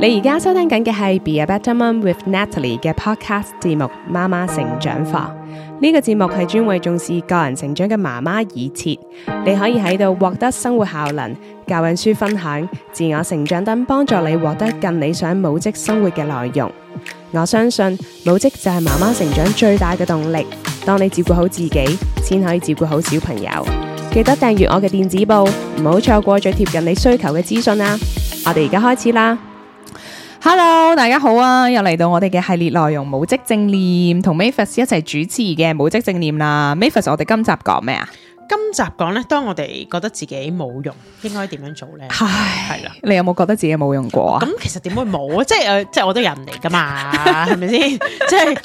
你而家收聽緊嘅係《Be a Better Mom with Natalie》嘅 Podcast 節目《媽媽成長課》呢。這個節目係專為重視個人成長嘅媽媽而設，你可以喺度獲得生活效能、教養書分享、自我成長等，幫助你獲得更理想母職生活嘅內容。我相信母職就係媽媽成長最大嘅動力。當你照顧好自己，先可以照顧好小朋友。記得訂閱我嘅電子報，唔好錯過最貼近你需求嘅資訊啊！我哋而家開始啦～Hello，大家好啊！又嚟到我哋嘅系列內容《母職正念》，同 Mavis 一齊主持嘅《母職正念》啦。Mavis，我哋今集講咩啊？今集講咧，當我哋覺得自己冇用，應該點樣做咧？係啦 的，你有冇覺得自己冇用過啊？咁 其實點會冇啊？即係即係我都人嚟噶嘛，係咪先？即係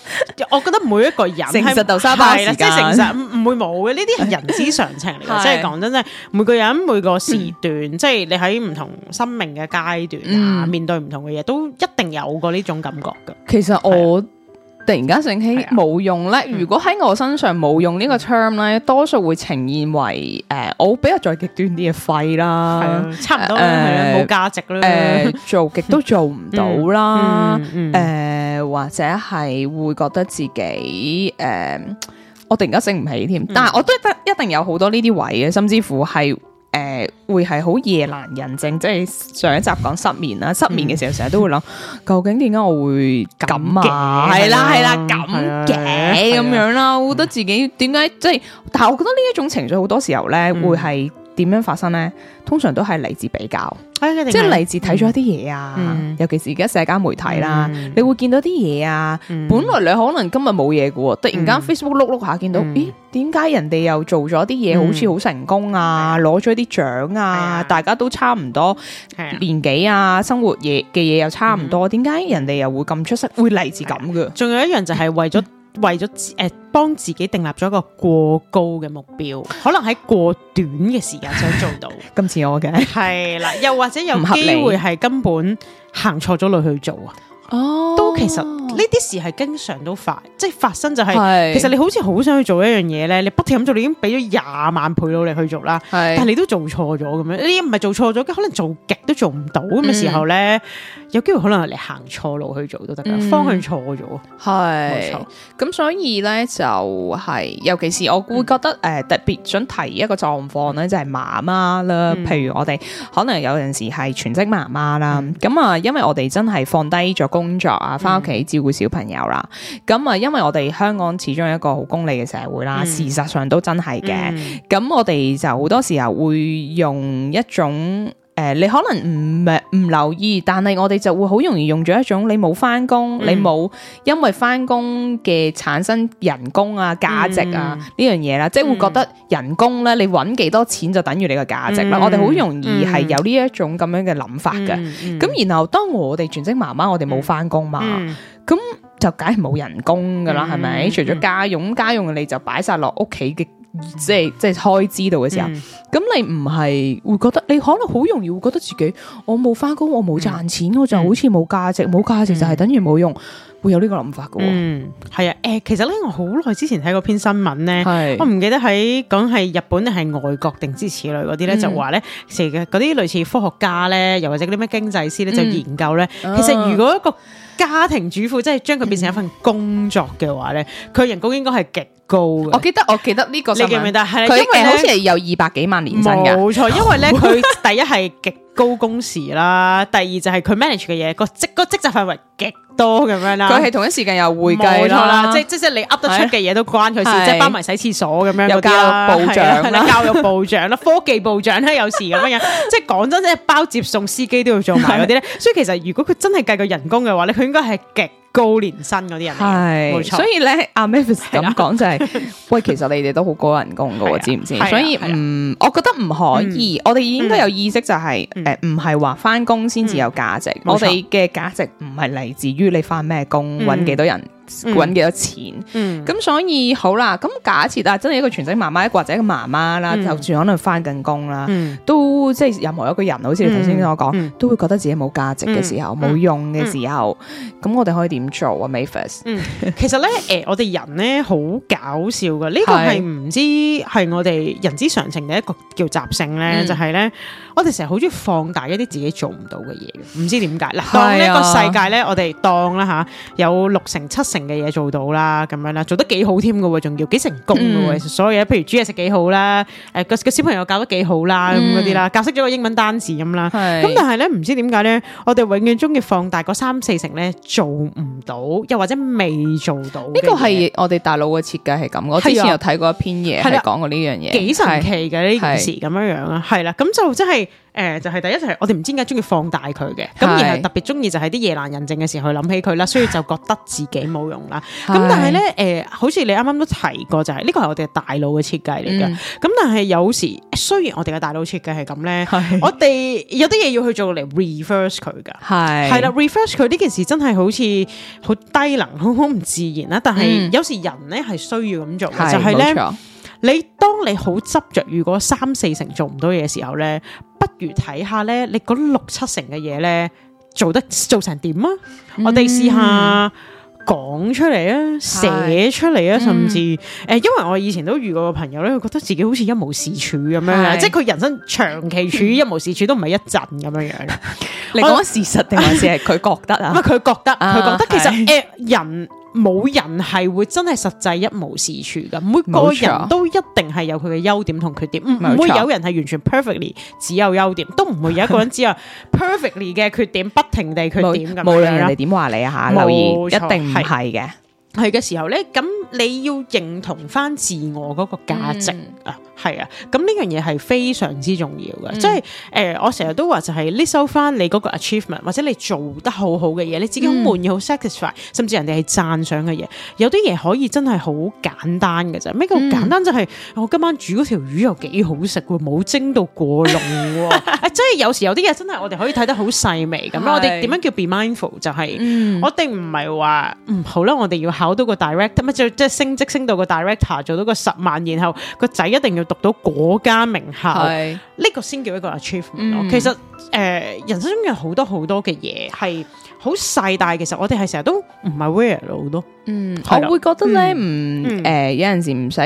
我覺得每一個人誠 實豆沙包時間，誠實唔會冇嘅。呢啲係人之常情嚟嘅 的，即係講真，即係每個人每個時段，嗯、即係你喺唔同生命嘅階段吓、啊，嗯、面對唔同嘅嘢，都一定有過呢種感覺㗎。其實我。突然間醒起冇用咧，如果喺我身上冇用呢個 term 咧、嗯，多數會呈現為誒、呃，我比較再極端啲嘅廢啦，差唔多啦，係啦、呃，冇、呃、價值啦、呃，做極都做唔到啦，誒、嗯嗯嗯呃、或者係會覺得自己誒、呃，我突然間醒唔起添，嗯、但係我都得一定有好多呢啲位嘅，甚至乎係。誒、呃，會係好夜闌人靜，即係上一集講失眠啦。失眠嘅時候成日、嗯、都會諗，究竟點解我會咁嘅、啊？係啦係啦，咁嘅咁樣啦、啊，啊、我覺得自己點解即係？但係我覺得呢一種情緒好多時候咧，會係。點樣發生呢？通常都係嚟自比較，即係嚟自睇咗一啲嘢啊。尤其是而家社交媒體啦，你會見到啲嘢啊。本來你可能今日冇嘢嘅，突然間 Facebook 碌碌下見到，咦？點解人哋又做咗啲嘢，好似好成功啊，攞咗啲獎啊？大家都差唔多年紀啊，生活嘢嘅嘢又差唔多，點解人哋又會咁出色？會嚟自咁嘅。仲有一樣就係為咗。為咗誒幫自己訂立咗一個過高嘅目標，可能喺過短嘅時間想做到， 今次我嘅係啦，又或者有機會係根本行錯咗路去做啊，都其實。呢啲事係經常都發，即係發生就係、是、是其實你好似好想去做一樣嘢咧，你不停咁做，你已經俾咗廿萬倍到你去做啦，是但係你都做錯咗咁樣，呢啲唔係做錯咗，可能做極都做唔到咁嘅時候咧，嗯、有機會可能你行錯路去做都得噶。嗯、方向錯咗，係、嗯，冇錯錯，咁所以咧就係、是、尤其是我會覺得誒、嗯呃、特別想提一個狀況咧，就係媽媽啦，嗯、譬如我哋可能有陣時係全職媽媽啦，咁啊、嗯，因為我哋真係放低咗工作啊，翻屋企照、嗯。會小朋友啦，咁啊，因為我哋香港始終係一個好功利嘅社會啦，嗯、事實上都真係嘅，咁、嗯、我哋就好多時候會用一種。誒、呃，你可能唔唔、呃、留意，但係我哋就會好容易用咗一種你冇翻工，嗯、你冇因為翻工嘅產生人工啊價值啊呢、嗯、樣嘢啦，即係會覺得人工咧，你搵幾多錢就等於你嘅價值啦。嗯、我哋好容易係有呢一種咁樣嘅諗法噶。咁、嗯嗯、然後當我哋全職媽媽，我哋冇翻工嘛，咁、嗯、就梗係冇人工噶啦，係咪、嗯嗯？除咗家用家用，你就擺晒落屋企嘅。即係即係開支度嘅時候，咁、嗯、你唔係會覺得，你可能好容易會覺得自己我冇翻工，我冇賺錢，我就好似冇價值，冇價、嗯、值就係等於冇用，嗯、會有呢個諗法嘅。嗯，係啊，誒、呃，其實咧我好耐之前睇過篇新聞咧，是我唔記得喺講係日本定係外國定之此類嗰啲咧，嗯、就話咧成日嗰啲類似科學家咧，又或者嗰啲咩經濟師咧，就研究咧，嗯呃、其實如果一個。家庭主婦即係將佢變成一份工作嘅話咧，佢、嗯、人工應該係極高嘅。我記得我記得呢個，你記唔記得？係佢因為、呃、好似係有二百幾萬年薪噶冇錯。因為咧，佢第一係極。 高工時啦，第二就係佢 manage 嘅嘢個職個職責範圍極多咁樣啦。佢係同一時間又會計啦，冇錯啦，即即的即你噏得出嘅嘢都關佢事，的即係包埋洗廁所咁樣，有教育部長啦， 教育部長啦，科技部長咧有時咁樣， 即係講真，即係包接送司機都要做埋嗰啲咧。 所以其實如果佢真係計個人工嘅話咧，佢應該係極。高年薪啲人，係，冇錯。所以咧，阿 Mavis 咁講就係，喂，其實你哋都好高人工噶，知唔知？所以唔，我覺得唔可以，我哋應該有意識就係，誒，唔係話返工先至有價值，我哋嘅價值唔係嚟自於你返咩工，搵幾多人。搵幾多錢？咁、嗯嗯、所以好啦，咁假設啊，真係一個全職媽媽或者一個媽媽啦，嗯、就算可能翻緊工啦，嗯、都即係任何一個人，好似你頭先同我講，嗯、都會覺得自己冇價值嘅時候，冇、嗯、用嘅時候，咁、嗯、我哋可以點做啊 Mavis 其實咧，誒、呃，我哋人咧好搞笑噶，呢、這個係唔知係我哋人之常情嘅一個叫習性咧，嗯、就係咧，我哋成日好中意放大一啲自己做唔到嘅嘢唔知點解嗱，當呢個世界咧，我哋當啦吓，有六成七。成嘅嘢做到啦，咁樣啦，做得幾好添嘅喎，仲要幾成功嘅喎，所有嘢，譬如煮嘢食幾好啦，誒，個個小朋友教得幾好啦，咁嗰啲啦，教識咗個英文單詞咁啦，咁但係咧，唔知點解咧，我哋永遠中意放大嗰三四成咧做唔到，又或者未做到，呢個係我哋大腦嘅設計係咁，我之前有睇過一篇嘢係講過呢樣嘢，幾神奇嘅呢件事咁樣樣啊，係啦，咁就即係。誒、呃、就係、是、第一就係我哋唔知點解中意放大佢嘅，咁然後特別中意就係啲夜闌人靜嘅時候去諗起佢啦，所以就覺得自己冇用啦。咁是但係咧誒，好似你啱啱都提過就係、是、呢個係我哋嘅大腦嘅設計嚟嘅。咁、嗯、但係有時雖然我哋嘅大腦設計係咁咧，是我哋有啲嘢要去做嚟 reverse 佢噶，係係是啦，reverse 佢呢件事真係好似好低能，好唔自然啦。但係有時人咧係需要咁做嘅，嗯、就係咧。你當你好執着，如果三四成做唔到嘢時候咧，不如睇下咧，你嗰六七成嘅嘢咧做得做成點啊？嗯、我哋試下講出嚟啊，寫出嚟啊，是甚至誒，嗯、因為我以前都遇過個朋友咧，佢覺得自己好似一無是處咁樣，是即係佢人生長期處於一無是處， 都唔係一陣咁樣樣。你講事實定還是係佢覺得啊？佢覺得，佢覺，覺得其實誒人。 冇人係會真係實際一無是處噶，每個人都一定係有佢嘅優點同缺點，唔會有人係完全 perfectly 只有優點，都唔會有一個人只有 perfectly 嘅缺點，不停地缺點咁。 吧無論人哋點話你啊，留儀意錯一定唔係嘅，係嘅時候咧咁。你要認同翻自我嗰個價值啊，係啊，咁呢樣嘢係非常之重要嘅，即係誒，我成日都話就係 list 翻你嗰個 achievement，或者你做得好好嘅嘢，你自己好滿意好 satisfied，甚至人哋係讚賞嘅嘢，有啲嘢可以真係好簡單嘅啫。咩叫簡單？就係我今晚煮嗰條魚又幾好食喎，冇蒸到過燶喎，即係有時有啲嘢真係我哋可以睇得好細微咁。我哋點樣叫 be mindful？就係我哋唔係話好啦，我哋要考到個 direct 乜就。即升職升到個 director，做到個十萬，然後個仔一定要讀到嗰間名校，呢是個先叫一個 achievement，嗯。其實。誒，人生中有好多好多嘅嘢，係好細大其實我哋係成日都唔係 wear 好多。嗯，我會覺得咧，唔，誒，有陣時唔使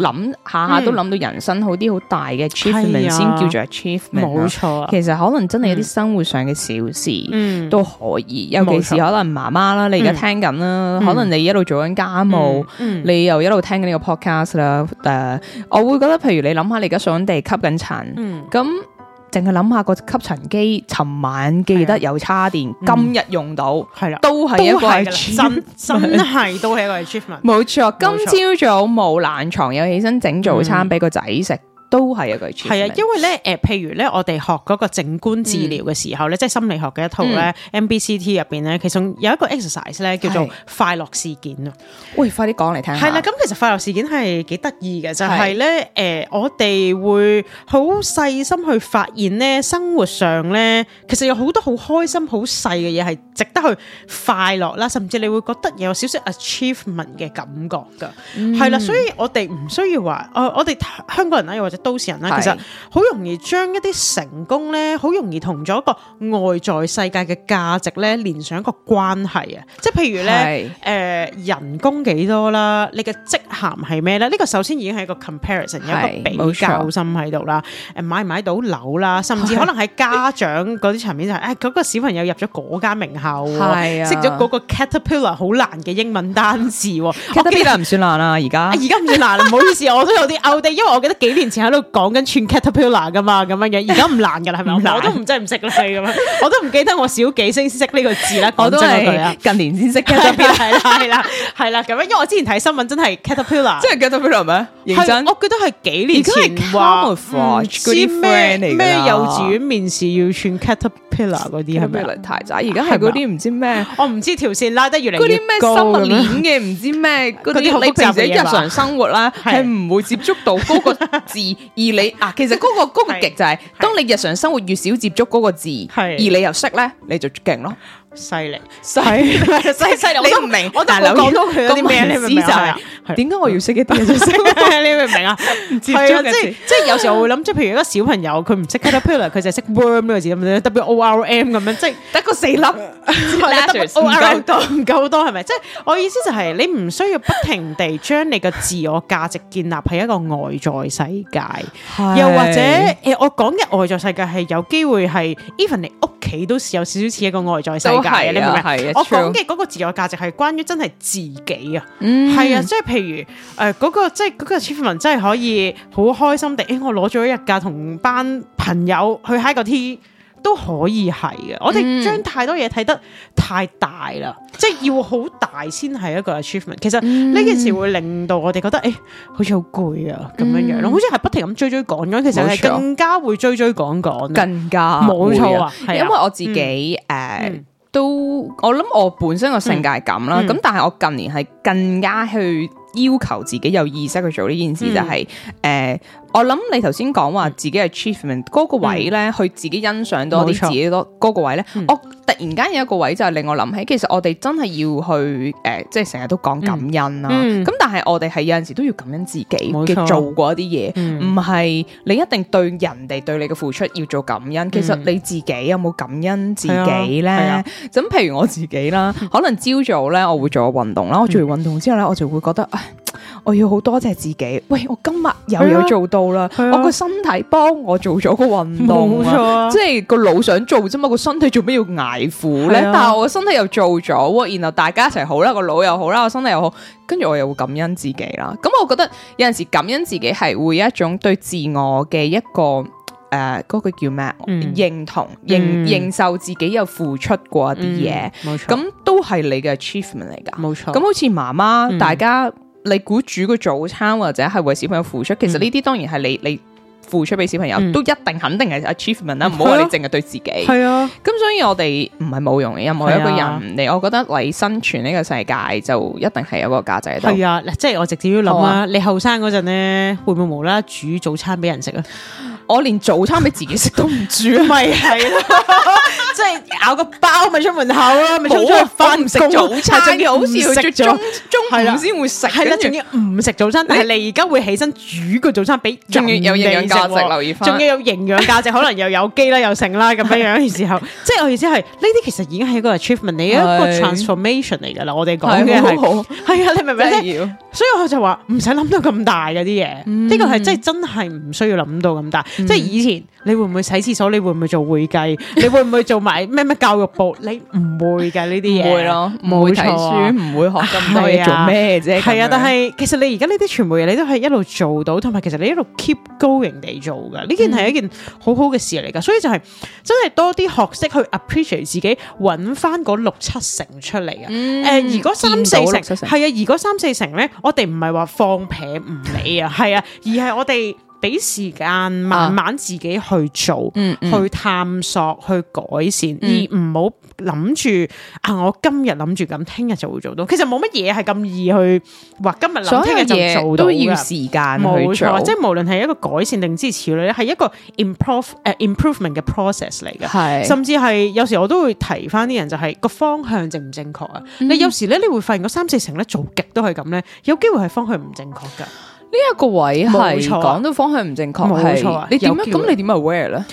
諗，下下都諗到人生好啲好大嘅 achievement 先叫做 achievement 冇錯。其實可能真係有啲生活上嘅小事，都可以。尤其是可能媽媽啦，你而家聽緊啦，可能你一路做緊家務，你又一路聽緊呢個 podcast 啦。誒，我會覺得，譬如你諗下，你而家掃緊地，吸緊塵，咁。淨係諗下個吸塵機，尋晚記得有叉電，嗯、今日用到，係啦、嗯，都係一個係真 真係都係一個係 achievement，冇錯。今朝早冇懶錯床，又起身整早餐畀個仔食。都係一個主，啊，因為咧，誒、呃，譬如咧，我哋學嗰個靜觀治療嘅時候咧，嗯、即係心理學嘅一套咧，MBCT 入邊咧，其中有一個 exercise 咧，叫做快樂事件咯。喂，快啲講嚟聽下。係啦、啊，咁其實快樂事件係幾得意嘅，就係、是、咧，誒是、呃，我哋會好細心去發現咧，生活上咧，其實有好多好開心、好細嘅嘢係值得去快樂啦，甚至你會覺得有少少 achievement 嘅感覺噶。係啦、嗯啊，所以我哋唔需要話，誒、呃，我哋香港人咧，或者。都市人啦，其實好容易將一啲成功咧，好容易同咗一個外在世界嘅價值咧，連上一個關係啊！即係譬如咧，誒人工幾多啦？你嘅職銜係咩咧？呢個首先已經係一個 comparison，一個比較心喺度啦。誒買唔買到樓啦？甚至可能係家長嗰啲層面就係誒嗰個小朋友入咗嗰間名校，識咗嗰個 caterpillar 好難嘅英文單字。caterpillar 唔算難啊，而家而家唔算難。唔好意思，我都有啲 outdate，因為我記得幾年前都講緊串 c a t e r p i l l a r 噶嘛，咁樣樣而家唔難噶啦，係咪？我都唔真係唔識啦，咁樣我都唔記得我小幾先識呢個字咧。我都係近年先識 caterpillar 係啦，係啦，咁樣。因為我之前睇新聞真係 c a t e r p i l l a r 即係 c a t e r p i l l a r 咩？認真，我記得係幾年前。而家係 camouflage 嗰啲咩咩幼稚園面試要串 caterpillar 嗰啲係咪？太窄，而家係嗰啲唔知咩，我唔知條線拉得越嚟越高咁樣。嗰啲咩生物鏈嘅唔知咩，嗰啲你自己日常生活啦，係唔會接觸到嗰個字。而你啊，其實嗰、那個嗰 個極就係、是， 是當你日常生活越少接觸嗰個字，是而你又識咧，你就勁咯。犀利，犀犀犀利，你都唔明。我但係講到佢有啲咩，你明唔明啊？點解我要識一啲嘢先？你明唔明啊？唔知啊，即係即係有時我會諗，即係譬如一個小朋友，佢唔識 caterpillar 佢就係識 worm 呢字咁樣，特別 o r m 咁樣，即係得個四粒，唔夠多，唔夠多係咪？即係我意思就係，你唔需要不停地將你嘅自我價值建立喺一個外在世界，又或者誒，我講嘅外在世界係有機會係 even 你屋企都有少少似一個外在世界。係啊，你明，我講嘅嗰個自我價值係關於真係自己啊，嗯，係啊，即係譬如誒嗰、呃那個即係嗰，那個 achievement 真係可以好開心地，誒、欸、我攞咗一日假同班朋友去 high 個 tea 都可以係嘅、啊。我哋將太多嘢睇得太大啦，嗯，即係要好大先係一個 achievement。其實呢件事會令到我哋覺得誒好似好攰啊咁樣樣咯，好似係、啊嗯、不停咁追追講咗。其實係更加會追追講講，錯更加冇錯啊。係、啊啊、因為我自己誒。嗯嗯嗯我諗我本身個性格係咁啦，咁、嗯、但係我近年係更加去要求自己有意識去做呢件事，嗯、就係、是、誒。呃我諗你頭先講話自己係 achievement 嗰個位咧，佢、嗯、自己欣賞多啲，冇錯，自己多嗰、那個位咧。我、嗯哦、突然間有一個位就令我諗起，其實我哋真係要去誒、呃，即係成日都講感恩啦、啊。咁、嗯、但係我哋係有陣時都要感恩自己嘅，做過一啲嘢，唔係、嗯、你一定對人哋對你嘅付出要做感恩。其實你自己有冇感恩自己咧？咁譬、嗯嗯、如我自己啦，嗯、可能朝早咧我會做運動啦，嗯、我做完運動之後咧，我就會覺得。我要好多謝自己，喂！我今日又有做到啦，我個身體幫我做咗個運動，冇錯，即係個腦想做啫嘛，個身體做咩要挨苦咧？但係我個身體又做咗，然後大家一齊好啦，個腦又好啦，我身體又好，跟住我又會感恩自己啦。咁我覺得有陣時感恩自己係會有一種對自我嘅一個誒，嗰個叫咩？認同、認認受自己有付出過一啲嘢，咁都係你嘅 achievement 嚟噶。冇錯，咁好似媽媽，大家。你估煮個早餐或者係為小朋友付出，其實呢啲當然係你你付出俾小朋友，嗯、都一定肯定係 achievement 啦，嗯，唔好話你淨係對自己。係啊，咁所以我哋唔係冇用嘅，任何一個人你，啊、我覺得你生存呢個世界就一定係有個價值喺度。係啊，即係我直接要諗啊，你後生嗰陣咧會唔會無啦啦煮早餐俾人食啊？我連早餐俾自己食都唔煮。咪係咯，即係咬個包咪出門口咯，咪出去飯唔食早餐，仲要好似食中中午先會食，係啦，仲要唔食早餐。但係你而家會起身煮個早餐俾，仲要有營養價值，留意翻，仲要有營養價值，可能又有機啦，又剩啦咁樣樣嘅時候，即係我意思係呢啲其實已經係一個 achievement，你一個 transformation 嚟噶啦。我哋講嘅好，係啊，你明唔明？所以我就話唔使諗到咁大嘅啲嘢，呢個係真係真係唔需要諗到咁大。即係以前，你會唔會洗廁所？你會唔會做會計？你會唔會做埋咩咩教育部？你唔會噶呢啲嘢咯，冇錯，唔會學咁多嘢做咩啫？係啊，但係其實你而家呢啲全部嘢，你都係一路做到，同埋其實你一路 keep going 地做噶。呢件係一件好好嘅事嚟噶，所以就係真係多啲學識去 appreciate 自己，揾翻嗰六七成出嚟啊！誒，如果三四成係啊，如果三四成咧，我哋唔係話放棄唔理啊，係啊，而係我哋。俾時間慢慢自己去做，啊嗯嗯、去探索、去改善，而唔好諗住啊！我今日諗住咁，聽日就會做到。其實冇乜嘢係咁易去話，今日諗聽日就做到嘅。要時間冇錯，嗯、即係無論係一個改善定支持之類咧，係一個 improve 誒、uh, improvement 嘅 process 嚟嘅。係是，甚至係有時我都會提翻啲人、就是，就係個方向正唔正確啊？嗯、你有時咧，你會發現嗰三四成咧做極都係咁咧，有機會係方向唔正確㗎。呢一個位係講、啊、到方向唔正確，冇錯啊！你點樣？咁你點啊 wear 咧？誒誒、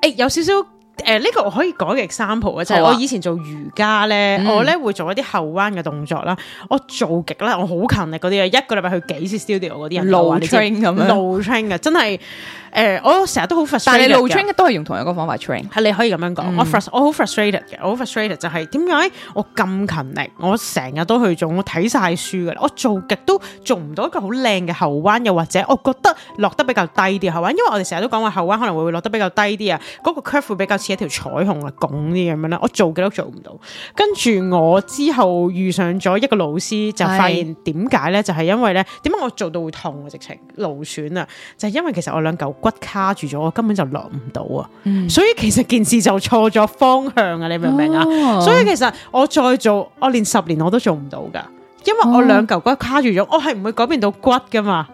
呃，有少少誒，呢、呃這個我可以改嘅 example 啊，即、就、係、是、我以前做瑜伽咧，嗯、我咧會做一啲後彎嘅動作啦，我做極啦，我好勤力嗰啲啊，一個禮拜去幾次 studio 嗰啲人，路 train 咁樣，train 真係。 誒、呃，我成日都好 frustrated，但係你 routine 都係用同一個方法 train。係你可以咁樣講、嗯，我、就是、我好 frustrated 嘅，我 frustrated 就係點解我咁勤力，我成日都去做，我睇晒書㗎啦，我做極都做唔到一個好靚嘅後彎，又或者我覺得落得比較低啲後彎，因為我哋成日都講話後彎可能會落得比較低啲啊，嗰、那個 curve 比較似一條彩虹啊，拱啲咁樣啦。我做極都做唔到，跟住我之後遇上咗一個老師，就發現點解咧？就係、是、因為咧，點解我做到會痛啊？直情勞損啊，就係、是、因為其實我兩嚿。骨卡住咗，我根本就落唔到啊！嗯、所以其實件事就錯咗方向啊！你明唔明啊？哦、所以其實我再做，我連十年我都做唔到㗎，因為我兩嚿骨卡住咗，哦、我係唔會改變到骨㗎嘛。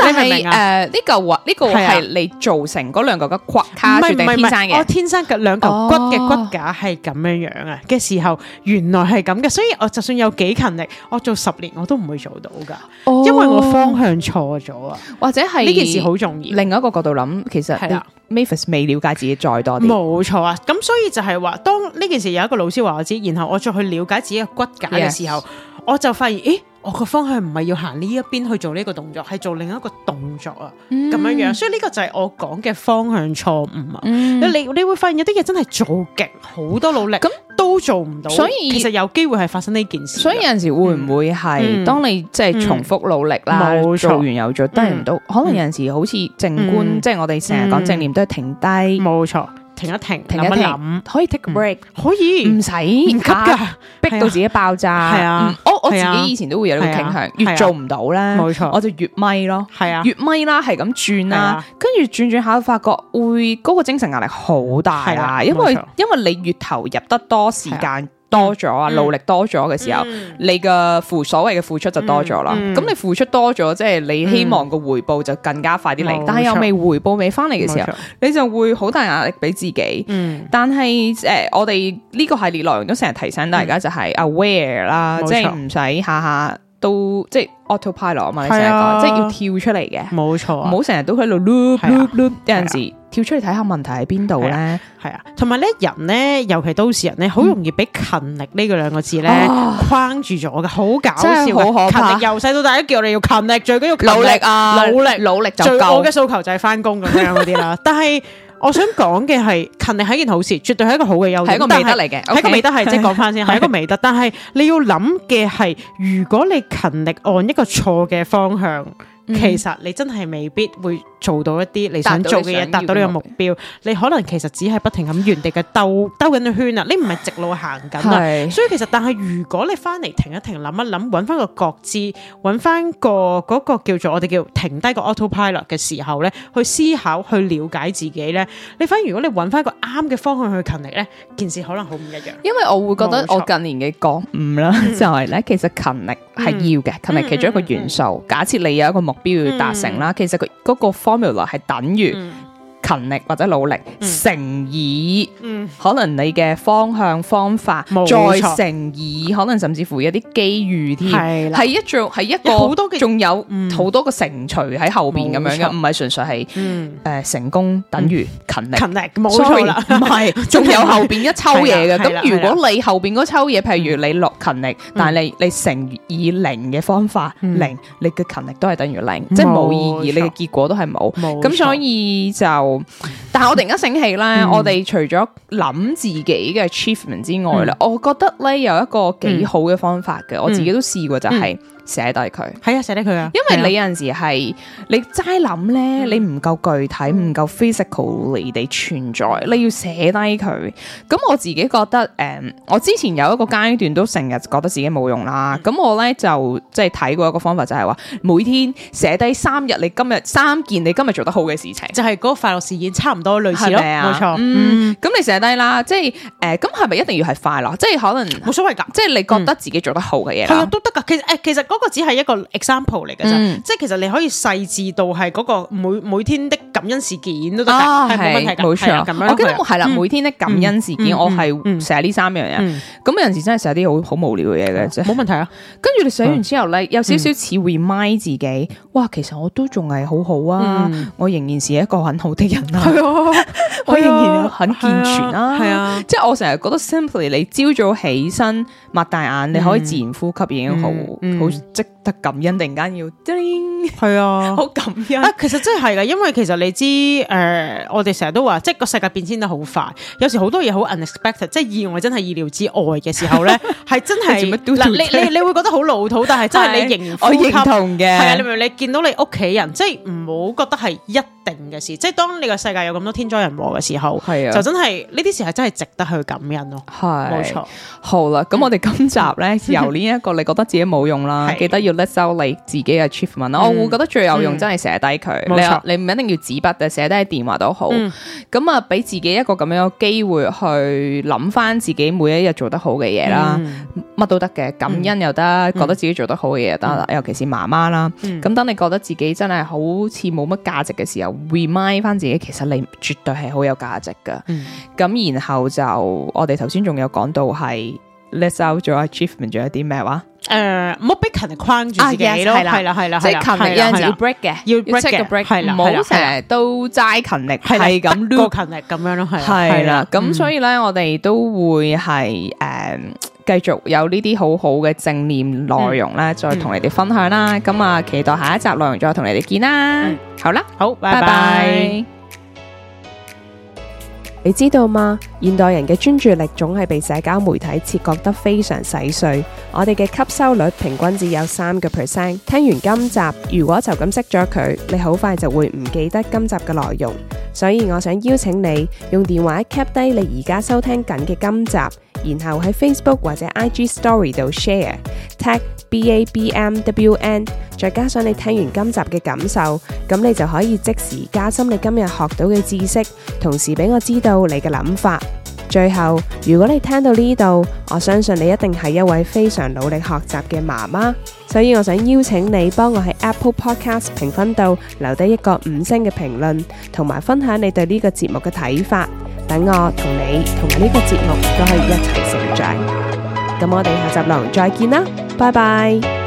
你明唔明啊？誒，呢嚿骨呢個係你造成，嗰兩嚿骨唔係唔係定天生嘅？天生嘅兩嚿骨嘅骨架係咁樣樣啊嘅時候，原來係咁嘅。所以我就算有幾勤力，我做十年我都唔會做到噶，因為我方向錯咗啊。或者係呢件事好重要。另外一個角度諗，其實係啦，Mavis 未了解自己再多啲，冇錯啊。咁所以就係話，當呢件事有一個老師話我知，然後我再去了解自己嘅骨架嘅時候，我就發現，誒。我個方向唔係要行呢一邊去做呢個動作，係做另一個動作啊，咁樣樣。嗯、所以呢個就係我講嘅方向錯誤啊！嗯、你你會發現有啲嘢真係做極好多努力，咁、嗯、都做唔到。所以其實有機會係發生呢件事。所以有陣時會唔會係、嗯、當你即係重複努力啦，嗯、做完又做，得唔到。嗯、可能有陣時好似靜觀，嗯、即係我哋成日講正念都係停低。冇錯、嗯。停一停，停一諗，可以 take a break，可以，唔使急㗎，逼到自己爆炸係啊。我我自己以前都會有呢個傾向，越做唔到咧，冇錯，我就越咪咯，係啊，越咪啦，係咁轉啦。跟住轉轉下，發覺會嗰個精神壓力好大啊，因為因為你越投入得多時間。多咗啊！嗯、努力多咗嘅時候，嗯、你嘅付所謂嘅付出就多咗啦。咁、嗯、你付出多咗，即、就、係、是、你希望個回報就更加快啲嚟，嗯、但係又未回報未翻嚟嘅時候，冇錯你就會好大壓力俾自己。嗯、但係誒、呃，我哋呢個系列內容都成日提醒大家、嗯、就係 Aware 啦，即係唔使下下。都即係 autopilot 啊嘛，你成日講即係要跳出嚟嘅。冇錯，唔好成日都喺度 loop loop loop，有陣時跳出嚟睇下問題喺邊度咧，係啊，同埋咧人咧，尤其都市人咧，好容易俾勤力呢個兩個字咧框住咗嘅，好搞笑，好可怕。勤力由細到大都叫我哋要勤力，最緊要努力啊，努力努力，最惡嘅訴求就係翻工咁樣嗰啲啦，但係。 我想講嘅係勤力係一件好事，絕對係一個好嘅優點，係一個美德嚟嘅。係、okay、一個美德係即係講翻先，係一個美德。 但係你要諗嘅係，如果你勤力按一個錯嘅方向。其實你真係未必會做到一啲你想做嘅嘢，達到呢個目標。你可能其實只係不停咁原地嘅兜兜緊啲圈啊,你唔係直路行緊啊。所以其實，但係如果你翻嚟停一停，諗一諗，揾翻個覺知，揾翻個嗰個叫做我哋叫停低個 auto pilot 嘅時候咧，去思考去了解自己咧，你反而如果你揾翻個啱嘅方向去勤力咧，件事可能好唔一樣。因為我會覺得我近年嘅覺悟啦，就係咧，其實勤力係要嘅，勤力其中一個元素。假設你有一個目必要達成啦，嗯、其實佢嗰個 formula 係等於、嗯。勤力或者努力乘以，嗯，可能你嘅方向方法再乘以，可能甚至乎有啲機遇添，係一做係一個好多嘅，仲有好多個成除喺後邊咁樣噶，唔係純粹係，嗯，誒，成功等於勤力，勤力冇錯，唔係，仲有後邊一抽嘢嘅，咁如果你後邊嗰抽嘢，譬如你落勤力，但係你你乘以零嘅方法零，你嘅勤力都係等於零，即係冇意義，你嘅結果都係冇，咁所以就。但係我突然間醒起咧，嗯、我哋除咗諗自己嘅 achievement 之外咧，嗯、我覺得咧有一個幾好嘅方法嘅，嗯、我自己都試過、嗯、就係、是。寫低佢，係啊，寫低佢啊！因為你有陣時係你齋諗咧，你唔夠具體，唔夠 physical 你哋存在，你要寫低佢。咁我自己覺得，誒、嗯，我之前有一個階段都成日覺得自己冇用啦。咁、嗯、我咧就即係睇過一個方法就，就係話每天寫低三日，你今日三件你今日做得好嘅事情，就係嗰個快樂事件，差唔多類似咯，冇錯。咁你寫低啦，即係誒，咁係咪一定要係快樂？即係可能冇所謂噶，即係你覺得自己做得好嘅嘢，嗯，係啊，都得噶。其實誒，其實，嗰個個只係一個 example 嚟嘅啫，即係其實你可以細致到係嗰個每每天的感恩事件都得，係冇問題噶，冇錯。我記得係啦，每天的感恩事件，我係寫呢三樣嘢。咁有陣時真係寫啲好好無聊嘅嘢嘅，冇問題啊。跟住你寫完之後咧，有少少似 remind 自己，哇！其實我都仲係好好啊，我仍然是一個很好的人啦，我仍然很健全啦，係啊。即係我成日覺得，simply 你朝早起身擘大眼，你可以自然呼吸已經好。值得感恩，突然間要叮叮，係啊，好感恩、啊、其實真係噶，因為其實你知誒、呃，我哋成日都話，即係個世界變遷得好快，有時好多嘢好 unexpected，即係意外，真係意料之外嘅時候咧，係 真係 你你你會覺得好老土，但係真係 是你認我認同嘅，係啊！你明唔明？你見到你屋企人，即係唔好覺得係一定嘅事，即係當你個世界有咁多天災人禍嘅時候，係啊，就真係呢啲事係真係值得去感恩咯，係冇錯。啊、錯好啦，咁我哋今集咧由呢一個，你覺得自己冇用啦。 記得要 list out 你自己嘅 achievement 啦，我會覺得最有用真寫，真係寫低佢。冇你唔一定要紙筆，但寫低電話都好。咁啊、嗯，俾自己一個咁樣嘅機會去諗翻自己每一日做得好嘅嘢啦，乜、嗯、都得嘅，感恩又得，嗯、覺得自己做得好嘅嘢又得啦。嗯、尤其是媽媽啦，咁等、嗯、你覺得自己真係好似冇乜價值嘅時候，remind 翻自己，其實你絕對係好有價值噶。咁、嗯、然後就我哋頭先仲有講到係。less out 做 achievement 仲有啲咩話？誒唔好逼勤力框住自己咯，係啦係啦係啦，即係勤力要 break 嘅，要 take 個 break，係啦係啦，唔好成日都齋勤力，係咁過勤力咁樣咯，係係啦。咁所以咧，我哋都會係誒繼續有呢啲好好嘅正念內容咧，再同你哋分享啦。咁啊，期待下一集內容再同你哋見啦。好啦，好，拜拜。你知道嗎？現代人嘅專注力總係被社交媒體切割得非常細碎，我哋嘅吸收率平均只有三個 percent。聽完今集，如果就咁識咗佢，你好快就會唔記得今集嘅內容。所以我想邀請你用電話 cap 低你而家收聽緊嘅今集，然後喺 Facebook 或者 IG Story 度 share tag。B A B M W N，再加上你聽完今集嘅感受，咁你就可以即時加深你今日學到嘅知識，同時俾我知道你嘅諗法。最後，如果你聽到呢度，我相信你一定係一位非常努力學習嘅媽媽，所以我想邀請你幫我喺 Apple Podcast 評分度留低一個五星嘅評論，同埋分享你對呢個節目嘅睇法，等我同你同埋呢個節目都可以一齊成長。咁我哋下集囉，再見啦，拜拜。